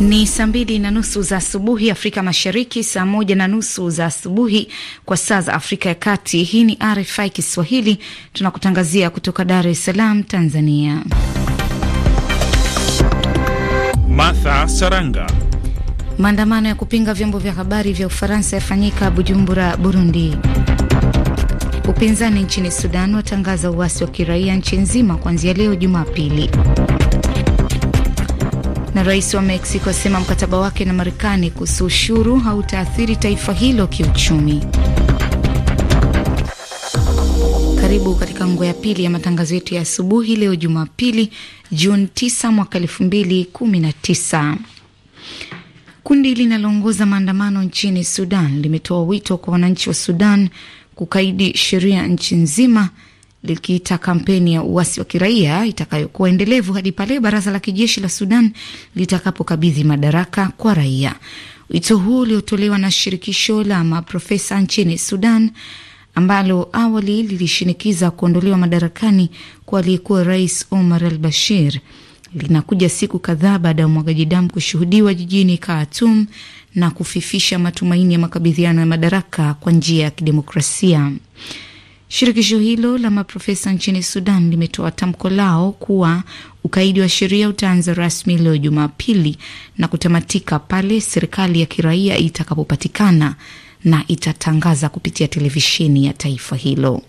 Ni saa mbili na nusu za asubuhi Afrika Mashariki, saa moja na nusu za asubuhi kwa saa za Afrika ya Kati. Hii ni RFI Kiswahili, tunakutangazia kutoka Dar es Salaam, Tanzania. Martha Saranga. Maandamano ya kupinga vyombo vya habari vya Ufaransa yafanyika Bujumbura, Burundi. Upinzani nchini Sudan watangaza uasi wa kiraia nchi nzima kuanzia leo Jumapili. Na rais wa Mexico asema mkataba wake na Marekani kuhusu ushuru hautaathiri taifa hilo kiuchumi. Karibu katika nguo ya pili ya matangazo yetu ya asubuhi leo Jumapili, Juni 9 mwaka 2019. Kundi linaloongoza maandamano nchini Sudan limetoa wito kwa wananchi wa Sudan kukaidi sheria nchi nzima likiita kampeni ya uasi wa kiraia itakayokuwa endelevu hadi pale baraza la kijeshi la Sudan litakapokabidhi madaraka kwa raia. Wito huu uliotolewa na shirikisho la maprofesa nchini Sudan ambalo awali lilishinikiza kuondolewa madarakani kwa aliyekuwa rais Omar al Bashir linakuja siku kadhaa baada ya umwagaji damu kushuhudiwa jijini Khartoum na kufifisha matumaini ya makabidhiano ya madaraka kwa njia ya kidemokrasia. Shirikisho hilo la maprofesa nchini Sudan limetoa tamko lao kuwa ukaidi wa sheria utaanza rasmi leo Jumapili na kutamatika pale serikali ya kiraia itakapopatikana na itatangaza kupitia televisheni ya taifa hilo.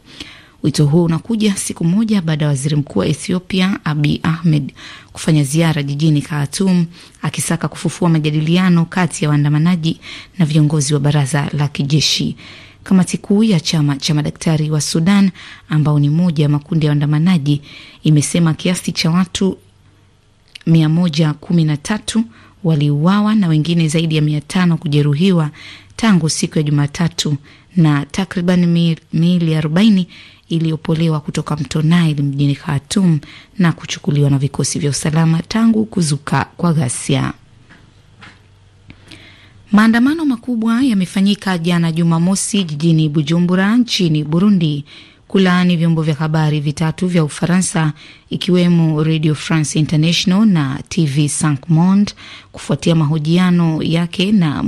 Wito huo unakuja siku moja baada ya waziri mkuu wa Ethiopia Abiy Ahmed kufanya ziara jijini Khartoum akisaka kufufua majadiliano kati ya waandamanaji na viongozi wa baraza la kijeshi. Kamati kuu ya chama cha madaktari wa Sudan, ambao ni moja ya makundi ya waandamanaji, imesema kiasi cha watu 113 waliuawa na wengine zaidi ya 500 kujeruhiwa tangu siku ya Jumatatu na takriban miili 40 iliyopolewa kutoka mto Nile mjini Khartoum na kuchukuliwa na vikosi vya usalama tangu kuzuka kwa ghasia. Maandamano makubwa yamefanyika jana Jumamosi jijini Bujumbura nchini Burundi kulaani vyombo vya habari vitatu vya Ufaransa ikiwemo Radio France International na TV 5 Monde kufuatia mahojiano yake na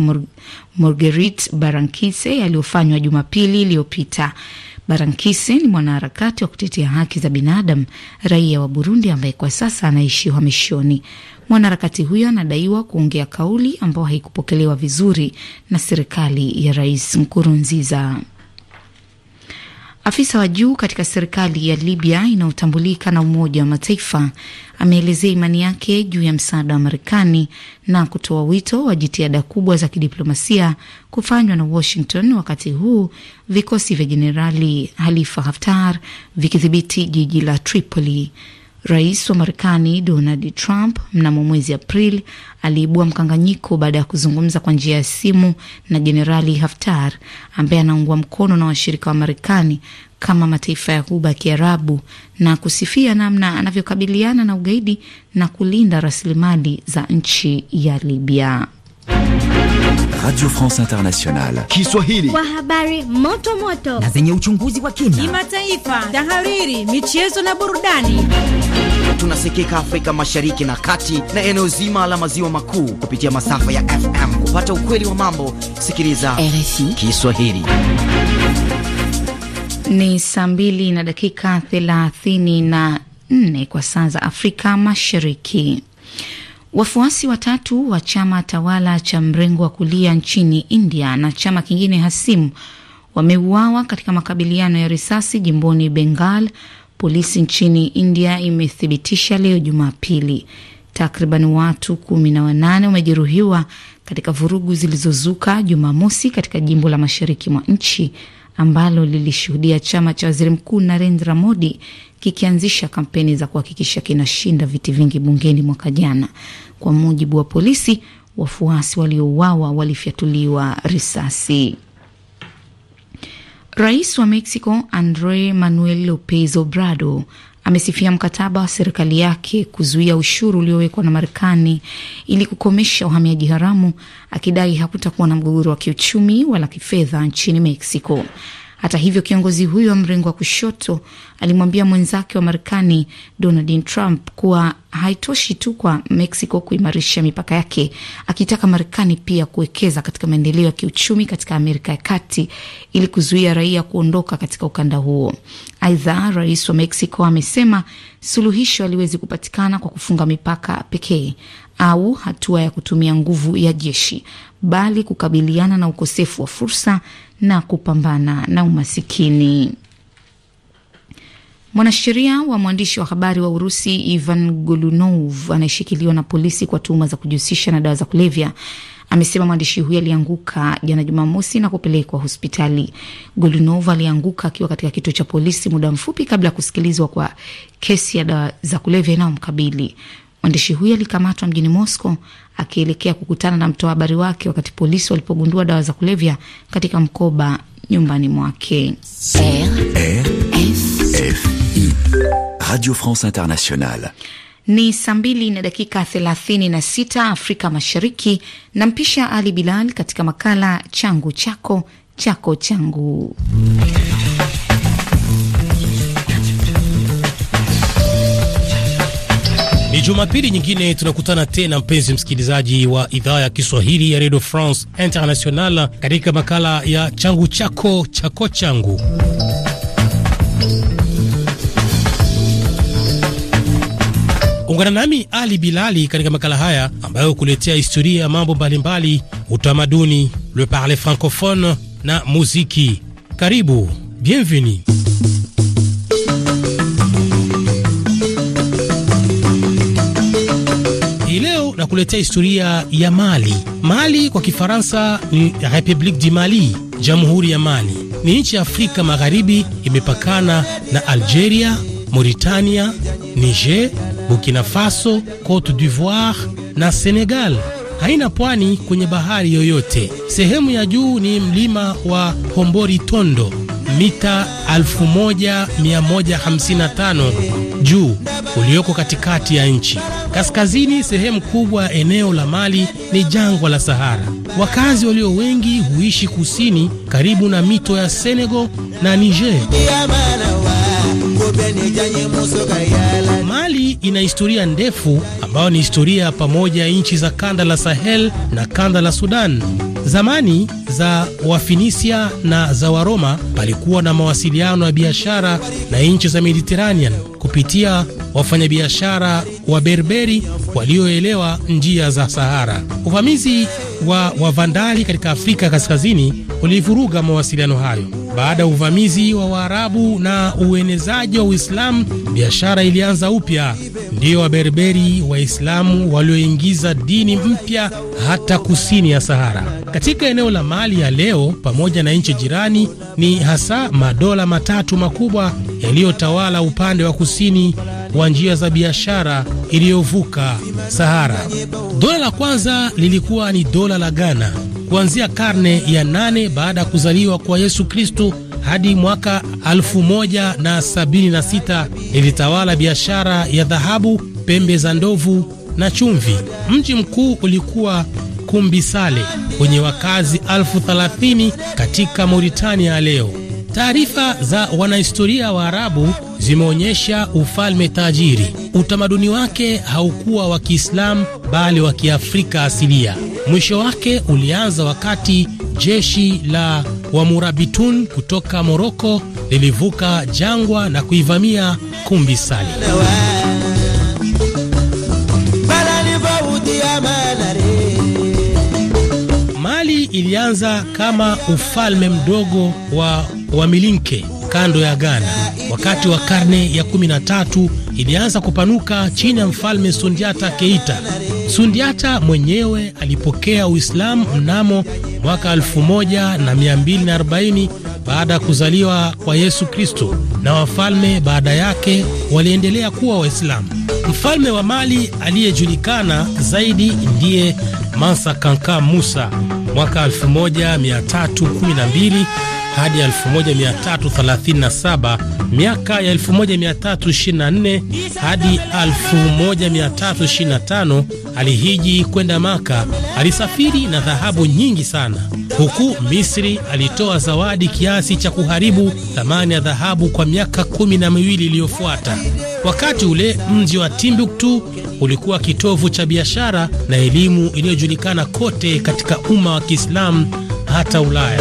Marguerite Barankise yaliyofanywa Jumapili iliyopita. Barankise ni mwanaharakati wa kutetea haki za binadamu, raia wa Burundi ambaye kwa sasa anaishi uhamishoni. Mwanaharakati huyo anadaiwa kuongea kauli ambayo haikupokelewa vizuri na serikali ya Rais Nkurunziza. Afisa wa juu katika serikali ya Libya inayotambulika na Umoja wa Mataifa ameelezea imani yake juu ya msaada wa Marekani na kutoa wito wa jitihada kubwa za kidiplomasia kufanywa na Washington wakati huu vikosi vya Jenerali Halifa Haftar vikidhibiti jiji la Tripoli. Rais wa Marekani Donald Trump mnamo mwezi Aprili aliibua mkanganyiko baada ya kuzungumza kwa njia ya simu na Jenerali Haftar ambaye anaungwa mkono na washirika wa Marekani kama mataifa ya Ghuba ya Kiarabu na kusifia namna anavyokabiliana na ugaidi na kulinda rasilimali za nchi ya Libya. Radio France Internationale. Kiswahili. Kwa habari moto moto na zenye uchunguzi wa kina, kimataifa, tahariri, michezo na burudani. Tunasikika Afrika Mashariki na Kati na eneo zima la maziwa makuu kupitia masafa ya FM. Kupata ukweli wa mambo, sikiliza RFI Kiswahili. Ni saa mbili na dakika thelathini na nne kwa saa za Afrika Mashariki. Wafuasi watatu wa chama tawala cha mrengo wa kulia nchini India na chama kingine hasimu wameuawa katika makabiliano ya risasi jimboni Bengal, polisi nchini India imethibitisha leo Jumapili. Takriban watu kumi na wanane wamejeruhiwa katika vurugu zilizozuka Jumamosi katika jimbo la mashariki mwa nchi ambalo lilishuhudia chama cha waziri mkuu Narendra Modi kikianzisha kampeni za kuhakikisha kinashinda viti vingi bungeni mwaka jana. Kwa mujibu wa polisi, wafuasi waliouawa walifyatuliwa risasi. Rais wa Mexico Andre Manuel Lopez Obrador amesifia mkataba wa serikali yake kuzuia ushuru uliowekwa na Marekani ili kukomesha uhamiaji haramu, akidai hakutakuwa na mgogoro wa kiuchumi wala kifedha nchini Mexico. Hata hivyo, kiongozi huyo wa mrengo wa kushoto alimwambia mwenzake wa Marekani Donald Trump kuwa haitoshi tu kwa Mexico kuimarisha mipaka yake, akitaka Marekani pia kuwekeza katika maendeleo ya kiuchumi katika Amerika ya Kati ili kuzuia raia kuondoka katika ukanda huo. Aidha, rais wa Mexico amesema suluhisho haliwezi kupatikana kwa kufunga mipaka pekee au hatua ya kutumia nguvu ya jeshi bali kukabiliana na ukosefu wa fursa na kupambana na umasikini. Mwanasheria wa mwandishi wa habari wa Urusi Ivan Golunov anayeshikiliwa na polisi kwa tuhuma za kujihusisha na dawa za kulevya amesema mwandishi huyo alianguka jana Jumamosi na kupelekwa hospitali. Golunov alianguka akiwa katika kituo cha polisi muda mfupi kabla ya kusikilizwa kwa kesi ya dawa za kulevya inayomkabili. Mwandishi huyo alikamatwa mjini Moscow akielekea kukutana na mtoa habari wake wakati polisi walipogundua dawa za kulevya katika mkoba nyumbani mwake. RFI, Radio France Internationale. Ni saa mbili na dakika 36 Afrika Mashariki. Nampisha Ali Bilal katika makala changu chako chako changu. Jumapili nyingine tunakutana tena, mpenzi msikilizaji wa idhaa ya Kiswahili ya Radio France International, katika makala ya changu chako chako changu. Ungana nami Ali Bilali katika makala haya ambayo kuletea historia ya mambo mbalimbali, utamaduni, le parler francophone na muziki. Karibu, bienvenue. kukuletea historia ya Mali. Mali kwa Kifaransa ni Republique du Mali, Jamhuri ya Mali. Ni nchi ya Afrika Magharibi, imepakana na Algeria, Mauritania, Niger, Burkina Faso, Cote d'Ivoire na Senegal. Haina pwani kwenye bahari yoyote. Sehemu ya juu ni mlima wa Hombori Tondo mita 1155 juu ulioko katikati ya nchi. Kaskazini sehemu kubwa eneo la Mali ni jangwa la Sahara. Wakazi walio wengi huishi kusini karibu na mito ya Senegal na Niger. Mali ina historia ndefu ambayo ni historia pamoja ya nchi za kanda la Sahel na kanda la Sudan. Zamani za Wafinisia na za Waroma palikuwa na mawasiliano ya biashara na nchi za Mediterranean kupitia wafanyabiashara wa Berberi walioelewa njia za Sahara. Uvamizi wa Wavandali katika Afrika Kaskazini ulivuruga mawasiliano hayo. Baada ya uvamizi wa Waarabu na uenezaji wa Uislamu, biashara ilianza upya. Ndiyo Waberberi Waislamu walioingiza dini mpya hata kusini ya Sahara. Katika eneo la Mali ya leo pamoja na nchi jirani, ni hasa madola matatu makubwa yaliyotawala upande wa kusini wa njia za biashara iliyovuka Sahara. Dola la kwanza lilikuwa ni dola la Ghana kuanzia karne ya nane baada ya kuzaliwa kwa Yesu Kristo hadi mwaka 1076 lilitawala biashara ya dhahabu, pembe za ndovu na chumvi. Mji mkuu ulikuwa Kumbisale wenye wakazi elfu thelathini katika Mauritania leo. Taarifa za wanahistoria wa Arabu zimeonyesha ufalme tajiri. Utamaduni wake haukuwa wa Kiislamu bali wa Kiafrika asilia. Mwisho wake ulianza wakati jeshi la Wamurabitun kutoka Moroko lilivuka jangwa na kuivamia Kumbi Sali. Mali ilianza kama ufalme mdogo wa wa Milinke kando ya Ghana. Wakati wa karne ya 13 ilianza kupanuka chini ya mfalme Sundiata Keita. Sundiata mwenyewe alipokea Uislamu mnamo mwaka 1240 baada ya kuzaliwa kwa Yesu Kristo, na wafalme baada yake waliendelea kuwa Waislamu. Mfalme wa Mali aliyejulikana zaidi ndiye Mansa Kanka Musa mwaka 1312 hadi 1337, miaka ya 1324 hadi 1325 alihiji kwenda Maka. Alisafiri na dhahabu nyingi sana. Huku Misri alitoa zawadi kiasi cha kuharibu thamani ya dhahabu kwa miaka kumi na miwili iliyofuata. Wakati ule mji wa Timbuktu ulikuwa kitovu cha biashara na elimu iliyojulikana kote katika umma wa Kiislamu hata Ulaya.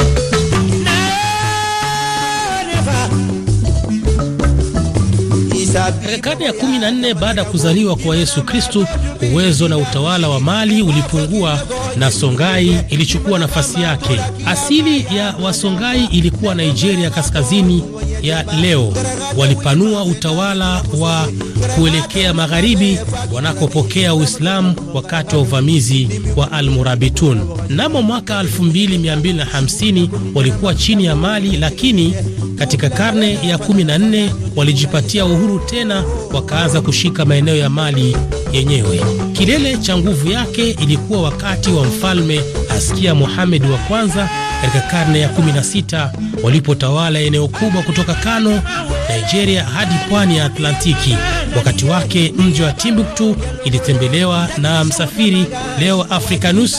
Katika karne ya 14 baada ya kuzaliwa kwa Yesu Kristu, uwezo na utawala wa Mali ulipungua na songai ilichukua nafasi yake. Asili ya wasongai ilikuwa Nigeria kaskazini ya leo. Walipanua utawala wa kuelekea magharibi wanakopokea Uislamu wakati wa uvamizi wa Almurabitun. namo mwaka 2250 walikuwa chini ya Mali, lakini katika karne ya 14 walijipatia uhuru tena, wakaanza kushika maeneo ya Mali yenyewe. Kilele cha nguvu yake ilikuwa wakati wa mfalme Askia Mohamed wa kwanza katika karne ya 16 walipotawala eneo kubwa kutoka Kano, Nigeria hadi pwani ya Atlantiki. Wakati wake mji wa Timbuktu ilitembelewa na msafiri leo Africanus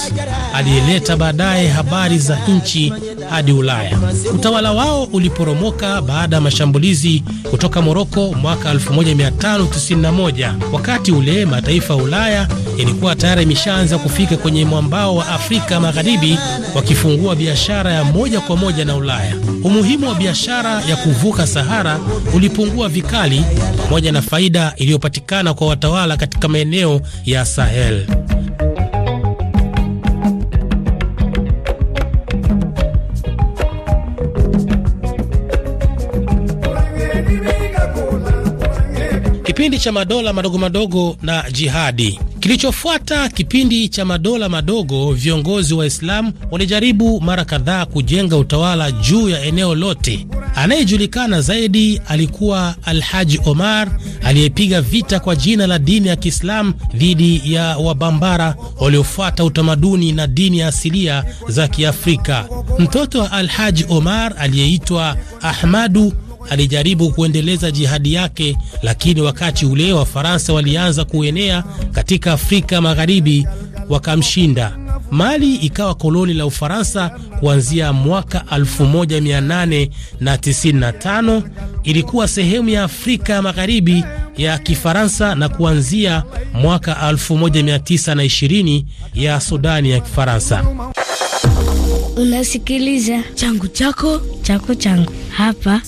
aliyeleta baadaye habari za nchi hadi Ulaya. Utawala wao uliporomoka baada ya mashambulizi kutoka Moroko mwaka 1591. Wakati ule mataifa ya Ulaya yalikuwa tayari imeshaanza kufika kwenye mwambao wa Afrika Magharibi, wakifungua biashara ya moja kwa moja na Ulaya. Umuhimu wa biashara ya kuvuka Sahara ulipungua vikali, pamoja na faida iliyopatikana kwa watawala katika maeneo ya Sahel. kipindi cha madola madogo madogo na jihadi. Kilichofuata kipindi cha madola madogo, viongozi wa Islamu walijaribu mara kadhaa kujenga utawala juu ya eneo lote. Anayejulikana zaidi alikuwa Alhaji Omar aliyepiga vita kwa jina la dini ya Kiislamu dhidi ya Wabambara waliofuata utamaduni na dini ya asilia za Kiafrika. Mtoto wa Alhaji Omar aliyeitwa Ahmadu alijaribu kuendeleza jihadi yake, lakini wakati ule Wafaransa walianza kuenea katika Afrika Magharibi wakamshinda. Mali ikawa koloni la Ufaransa kuanzia mwaka 1895. Ilikuwa sehemu ya Afrika Magharibi ya Kifaransa na kuanzia mwaka 1920 ya Sudani ya Kifaransa. Unasikiliza changu chako chako changu hapa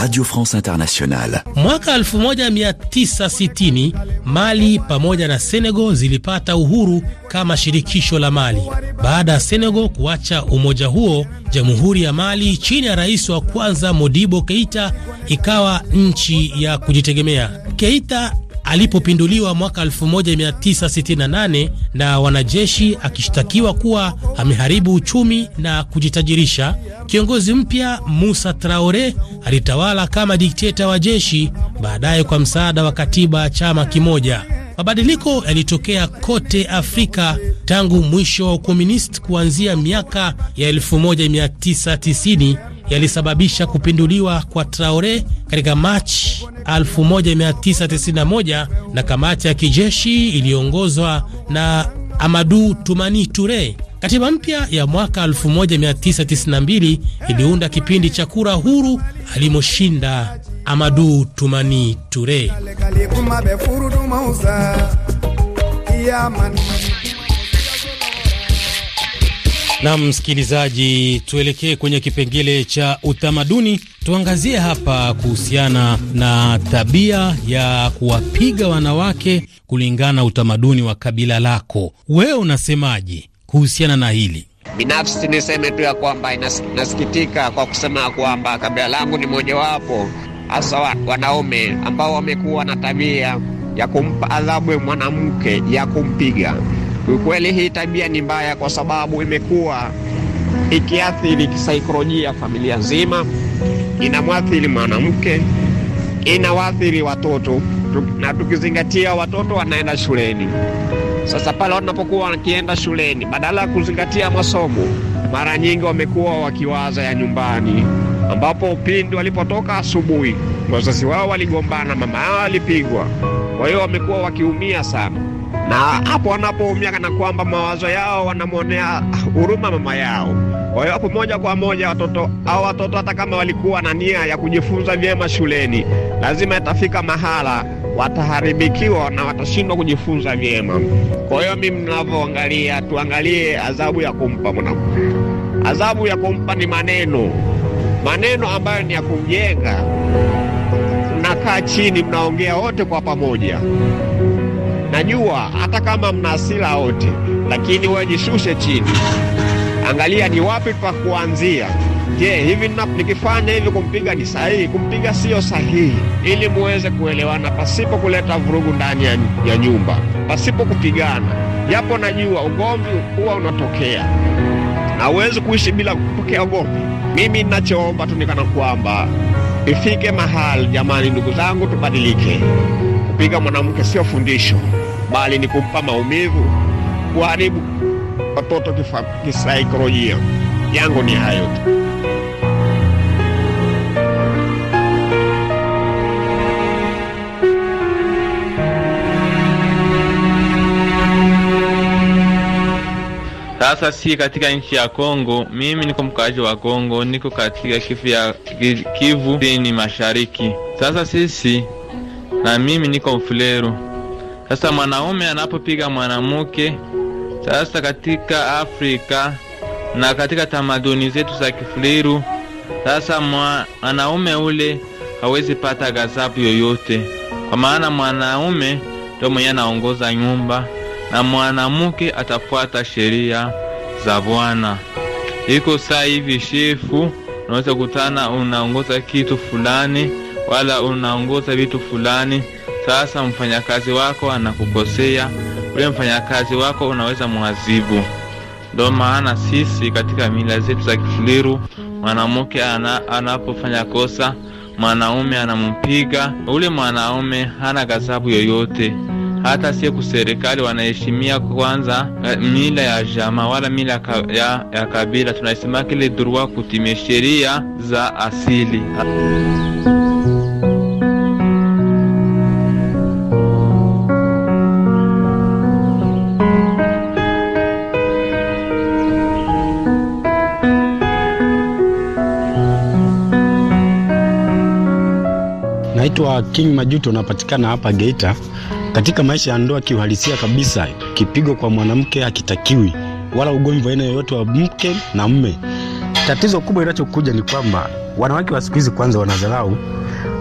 Radio France Internationale. Mwaka 1960 Mali pamoja na Senegal zilipata uhuru kama shirikisho la Mali. Baada ya Senegal kuacha umoja huo, Jamhuri ya Mali chini ya rais wa kwanza Modibo Keita ikawa nchi ya kujitegemea. Keita alipopinduliwa mwaka 1968 na wanajeshi akishtakiwa kuwa ameharibu uchumi na kujitajirisha. Kiongozi mpya Musa Traore alitawala kama dikteta wa jeshi, baadaye kwa msaada wa katiba chama kimoja. Mabadiliko yalitokea kote Afrika tangu mwisho wa ukomunisti kuanzia miaka ya 1990 yalisababisha kupinduliwa kwa Traore katika Machi 1991 na kamati ya kijeshi iliyoongozwa na Amadu Tumani Ture. Katiba mpya ya mwaka 1992 iliunda kipindi cha kura huru alimoshinda Amadu Tumani Ture. Na msikilizaji, tuelekee kwenye kipengele cha utamaduni. Tuangazie hapa kuhusiana na tabia ya kuwapiga wanawake kulingana na utamaduni wa kabila lako. Wewe unasemaje kuhusiana na hili? Binafsi niseme tu ya kwamba inasikitika kwa kusema kwamba kabila langu ni mojawapo hasa wanaume ambao wamekuwa na tabia ya kumpa adhabu mwanamke ya kumpiga Ukweli hii tabia ni mbaya, kwa sababu imekuwa ikiathiri kisaikolojia familia nzima, inamwathiri mwanamke, inawaathiri watoto, na tukizingatia watoto wanaenda shuleni. Sasa pale wanapokuwa wakienda shuleni, badala ya kuzingatia masomo, mara nyingi wamekuwa wakiwaza ya nyumbani, ambapo pindi walipotoka asubuhi wazazi wao waligombana, mama yao alipigwa, kwa hiyo wamekuwa wakiumia sana na hapo wanapoumia kana kwamba mawazo yao wanamwonea huruma mama yao. Kwa hiyo hapo moja kwa moja watoto au watoto hata kama walikuwa na nia ya kujifunza vyema shuleni, lazima itafika mahala wataharibikiwa na watashindwa kujifunza vyema. Kwa hiyo mimi, mnavyoangalia, tuangalie adhabu ya kumpa mwanamke. Adhabu ya kumpa ni maneno, maneno ambayo ni ya kumjenga. Mnakaa chini, mnaongea wote kwa pamoja Najua hata kama mna asila wote, lakini wewe jishushe chini, angalia ni wapi pa kuanzia. Je, hivi nikifanya hivi kumpiga ni sahihi? Kumpiga siyo sahihi? Ili muweze kuelewana pasipo kuleta vurugu ndani ya nyumba, pasipo kupigana. Japo najua ugomvi huwa unatokea na huwezi kuishi bila kupokea ugomvi. Mimi ninachoomba tu nikana kwamba ifike mahali, jamani, ndugu zangu, tubadilike. Kupiga mwanamke sio fundisho bali ni kumpa maumivu, kuharibu watoto kisaikolojia. Yangu ni hayo tu. Sasa si katika nchi ya Kongo, mimi niko mkaaji wa Kongo, niko katika Kivu ya Kivu ni mashariki. Sasa sisi na mimi niko Mfuleru. Sasa mwanaume anapopiga mwanamke, sasa katika Afrika na katika tamaduni zetu za Kifuliru, sasa mwanaume ule hawezi pata ghadhabu yoyote, kwa maana mwanaume ndo mwenye anaongoza nyumba na mwanamke atafuata sheria za Bwana. Iko saa hivi shefu, unaweza kutana unaongoza kitu fulani, wala unaongoza vitu fulani sasa mfanyakazi wako anakukosea, ule mfanyakazi wako unaweza mwazibu. Ndo maana sisi katika mila zetu za Kifuliru, mwanamke anapofanya ana kosa, mwanaume anampiga ule mwanaume, hana ghadhabu yoyote. Hata siku serikali wanaheshimia kwanza eh, mila ya jamaa wala mila ya, ya kabila. tunaisema kile durua kutimia sheria za asili. Naitwa King Majuto, unapatikana hapa Geita. Katika maisha ya ndoa kiuhalisia kabisa, kipigo kwa mwanamke hakitakiwi, wala ugomvi wa aina yoyote wa mke na mme. Tatizo kubwa linachokuja ni kwamba wanawake wa siku hizi kwanza wanadharau.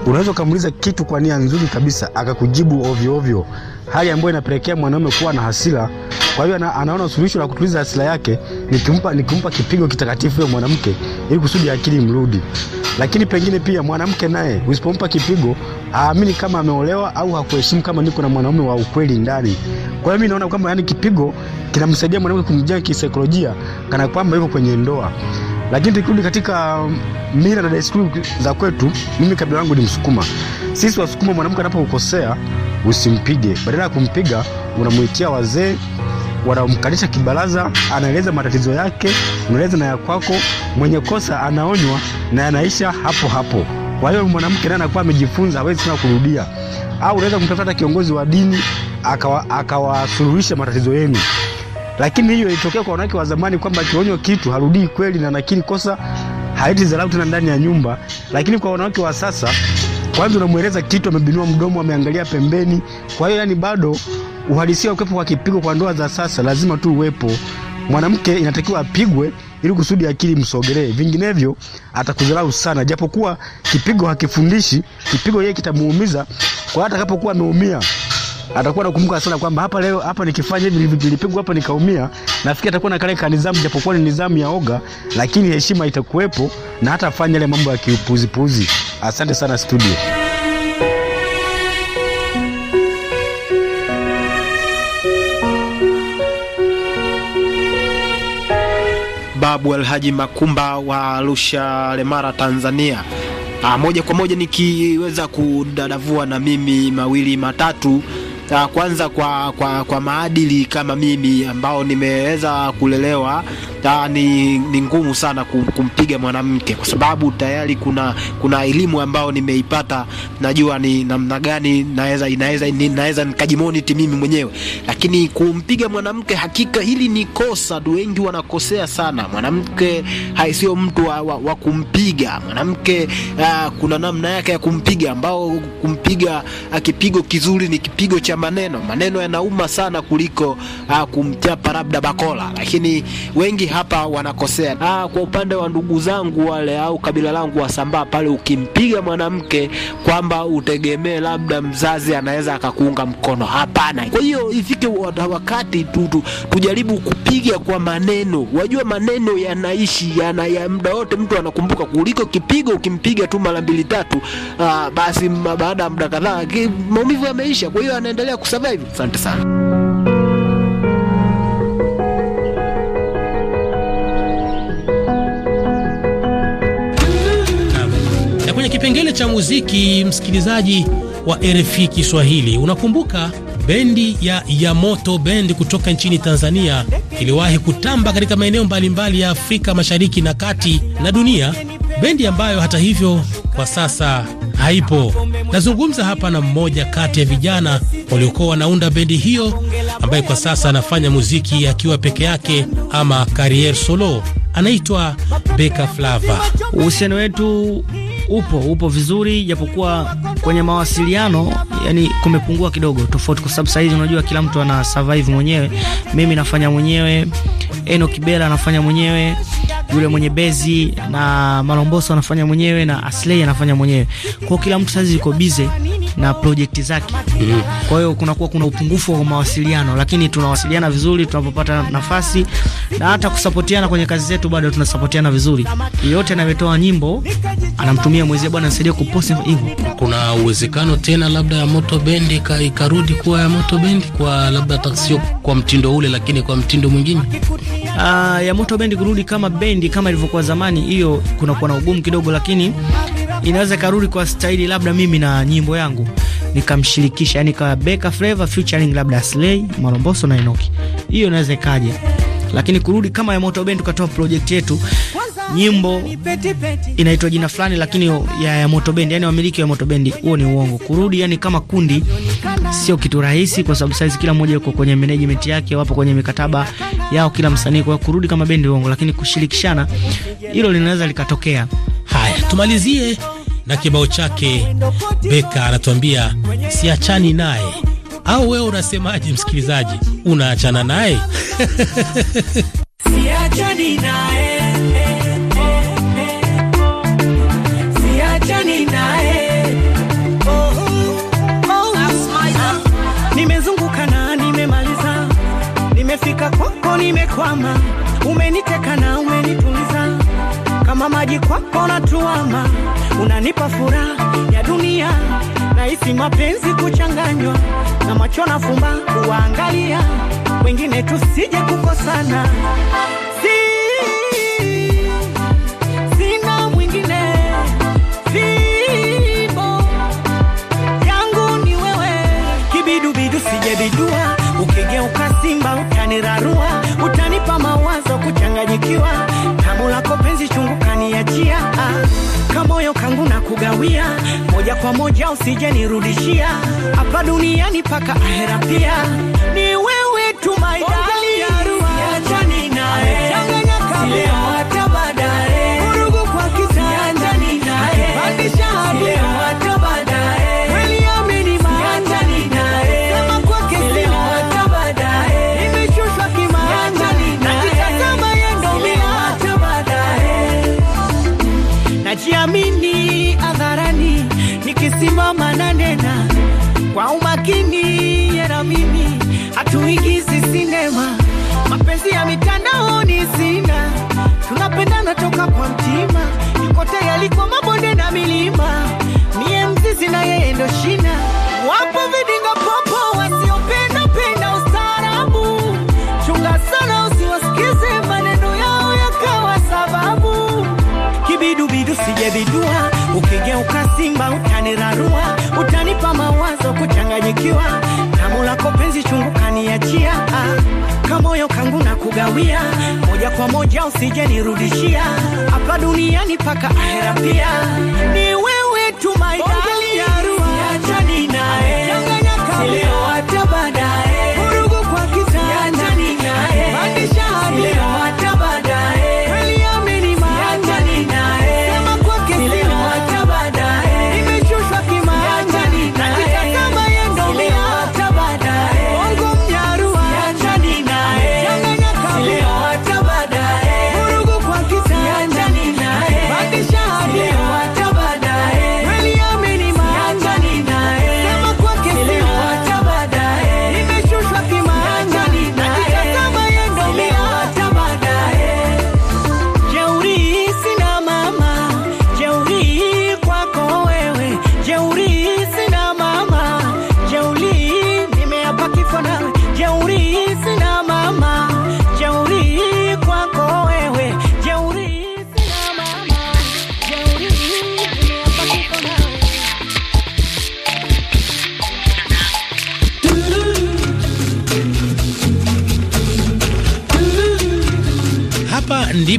Unaweza ukamuuliza kitu kwa nia nzuri kabisa akakujibu ovyo ovyo, hali ambayo inapelekea mwanaume kuwa na hasira. Kwa hiyo anaona suluhisho la kutuliza hasira yake nikimpa, nikimpa kipigo kitakatifu ya mwanamke ili kusudi akili mrudi. Lakini pengine pia mwanamke naye usipompa kipigo aamini kama ameolewa au hakuheshimu kama niko na mwanaume wa ukweli ndani. Kwa hiyo mimi naona kwamba yani kipigo kinamsaidia mwanamke kumjenga kisaikolojia kana kwamba yuko kwenye ndoa. Lakini tukirudi katika um, mila na desturi za kwetu, mimi kabila langu ni Msukuma. Sisi Wasukuma, mwanamke anapokosea usimpige, badala ya kumpiga unamuitia wazee wanaomkalisha kibaraza, anaeleza matatizo yake, unaeleza na ya kwako. Mwenye kosa anaonywa na anaisha hapo hapo. Kwa hiyo mwanamke naye anakuwa amejifunza, hawezi tena kurudia. Au unaweza kumtafuta hata kiongozi wa dini akawasuluhisha akawa matatizo yenu. Lakini hiyo ilitokea kwa wanawake wa zamani kwamba akionywa kitu harudii kweli na nakili kosa haiti dharau tena ndani ya nyumba. Lakini kwa wanawake wa sasa, kwanza unamweleza kitu, amebinua mdomo, ameangalia pembeni. Kwa hiyo yani bado uhalisia wa kuwepo kwa kipigo kwa ndoa za sasa lazima tu uwepo. Mwanamke inatakiwa apigwe ili kusudi akili msogelee, vinginevyo atakudharau sana. Japokuwa kipigo hakifundishi, kipigo yeye kitamuumiza, kwa hata atakapokuwa ameumia atakuwa nakumbuka sana kwamba hapa leo, hapa nikifanya hivi nilipigwa, hapa nikaumia. Nafikiri atakuwa na kale kanizamu, japokuwa ni nizamu ya oga, lakini heshima itakuwepo na hata fanya yale mambo ya kiupuzipuzi. Asante sana studio. Babu Alhaji Makumba wa Arusha, Lemara, Tanzania. Aa, ah, moja kwa moja nikiweza kudadavua na mimi mawili matatu. Aa, ah, kwanza kwa, kwa, kwa maadili kama mimi ambao nimeweza kulelewa ta, ni, ni ngumu sana kumpiga mwanamke kwa sababu tayari kuna kuna elimu ambayo nimeipata, najua ni namna gani naweza inaweza naweza nikajimoniti mimi mwenyewe, lakini kumpiga mwanamke, hakika hili ni kosa. Watu wengi wanakosea sana. Mwanamke haisiyo mtu wa, wa, wa kumpiga mwanamke. Uh, kuna namna yake ya kumpiga ambao kumpiga uh, kipigo kizuri ni kipigo cha maneno. Maneno yanauma sana kuliko uh, kumchapa labda bakola, lakini wengi hapa wanakosea. Ah, kwa upande wa ndugu zangu wale au kabila langu Wasambaa pale, ukimpiga mwanamke kwamba utegemee labda mzazi anaweza akakuunga mkono, hapana. Kwa hiyo ifike wakati tu tujaribu kupiga kwa maneno, wajua maneno yanaishi yana, ya muda wote mtu anakumbuka kuliko kipigo. Ukimpiga tu mara mbili tatu, ah, basi baada ya muda kadhaa maumivu yameisha, kwa hiyo anaendelea kusurvive. Asante sana. kipengele cha muziki, msikilizaji wa RFI Kiswahili, unakumbuka bendi ya Yamoto Bendi kutoka nchini Tanzania iliwahi kutamba katika maeneo mbalimbali ya Afrika Mashariki na Kati na dunia, bendi ambayo hata hivyo kwa sasa haipo. Nazungumza hapa na mmoja kati ya vijana waliokuwa wanaunda bendi hiyo, ambaye kwa sasa anafanya muziki akiwa peke yake ama karier solo. Anaitwa Beka Flava. Uhusiano wetu upo upo vizuri, japokuwa kwenye mawasiliano yani kumepungua kidogo, tofauti kwa sababu sasa hivi unajua kila mtu ana survive mwenyewe. Mimi nafanya mwenyewe, Eno Kibela anafanya mwenyewe, yule mwenye bezi na Malomboso anafanya mwenyewe na Asley anafanya mwenyewe, kwa kila mtu sasa yuko busy na projekti zake mm. Kwa hiyo kunakuwa kuna upungufu wa mawasiliano, lakini tunawasiliana vizuri tunapopata nafasi na hata kusapotiana kwenye kazi zetu, bado tunasapotiana vizuri. Yeyote anayetoa nyimbo anamtumia mwezi, bwana nisaidie kuposti hivyo. Kuna uwezekano tena labda ya Moto Bendi ikarudi kuwa ya Moto Bendi kwa labda taksio kwa mtindo ule, lakini kwa mtindo mwingine ah, ya Moto Bendi kurudi kama bendi kama ilivyokuwa zamani, hiyo kunakuwa na ugumu kidogo, lakini inaweza karudi kwa staili labda mimi na nyimbo yangu nikamshirikisha, yani kwa Beka Flavor featuring labda Slay, Malomboso na Enoki, hiyo inaweza ikaje. Lakini kurudi kama ya Moto Band tukatoa project yetu nyimbo inaitwa jina fulani, lakini ya ya Moto Band, yani wamiliki wa Moto Band, huo ni uongo. Kurudi yani kama kundi sio kitu rahisi, kwa sababu saizi kila mmoja yuko kwenye management yake, wapo kwenye mikataba yao, kila msanii. Kwa kurudi kama bendi uongo, lakini kushirikishana hilo linaweza likatokea. Haya, tumalizie na kibao chake Beka anatuambia siachani naye, au wewe unasemaje msikilizaji, unaachana naye? siachani naye Nimezunguka na nimemaliza, nimefika kwako, nimekwama umeni kama maji kwako natuama, unanipa furaha ya dunia, nahisi mapenzi kuchanganywa na macho na fumba kuwaangalia wengine, tusije kukosana Ukigeuka simba utanirarua, utanipa mawazo kuchanganyikiwa kuniachia kamoyo kangu na kugawia moja kwa moja, usije nirudishia hapa duniani paka ahera pia kwamba utanirarua, utanipa mawazo kuchanganyikiwa, tamu lako penzi chungu kaniachia, kamoyo kangu na kugawia, moja kwa moja usijenirudishia, hapa duniani paka ahera pia ni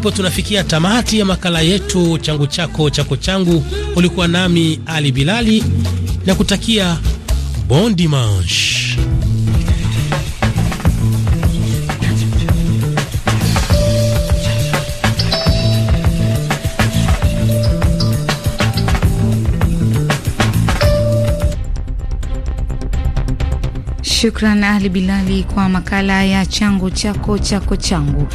ndipo tunafikia tamati ya makala yetu changu chako chako changu. Ulikuwa nami Ali Bilali na kutakia bon dimanche. Shukran Ali Bilali kwa makala ya changu chako chako changu.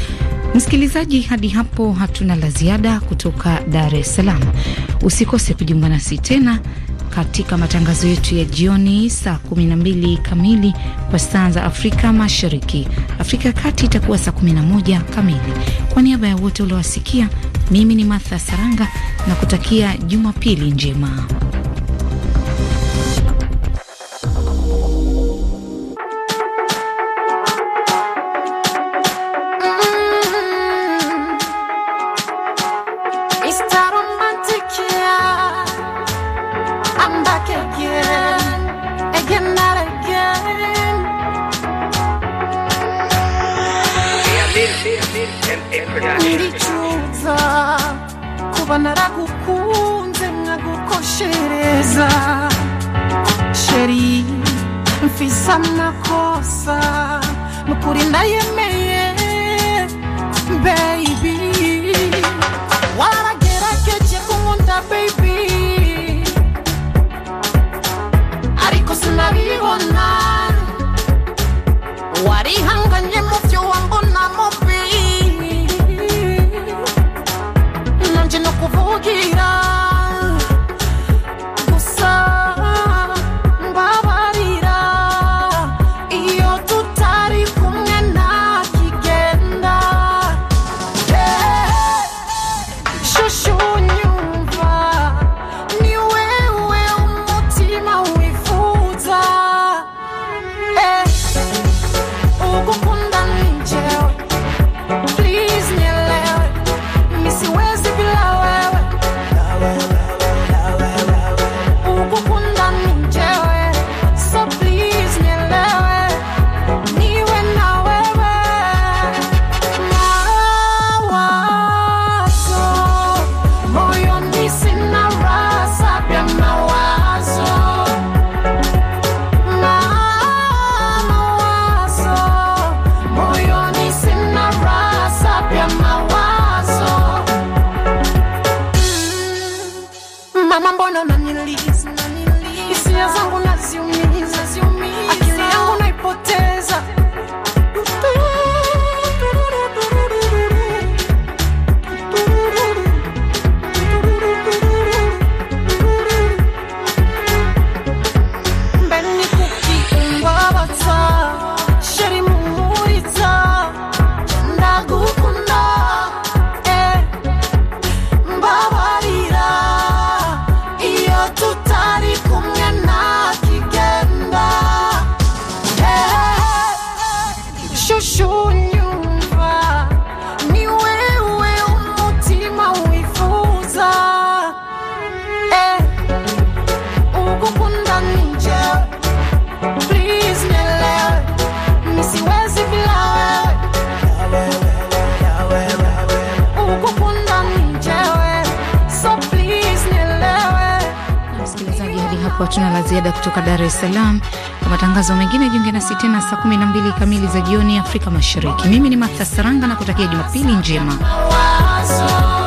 Msikilizaji, hadi hapo hatuna la ziada kutoka Dar es Salaam. Usikose kujiunga nasi tena katika matangazo yetu ya jioni saa 12 kamili kwa saa za Afrika Mashariki. Afrika ya Kati itakuwa saa 11 kamili. Kwa niaba ya wote uliowasikia, mimi ni Martha Saranga na kutakia Jumapili njema. naragukunze nkagukoshereza sheri mfise amakosa mukuri ndayemeye baby waragerageje kunkunda baby ariko sinabibona warihanganye mu kuvugira hatuna la ziada kutoka Dar es Salaam. Kwa matangazo mengine, jiunge nasi tena saa 12 kamili za jioni Afrika Mashariki. Mimi ni Matha Saranga na kutakia Jumapili njema.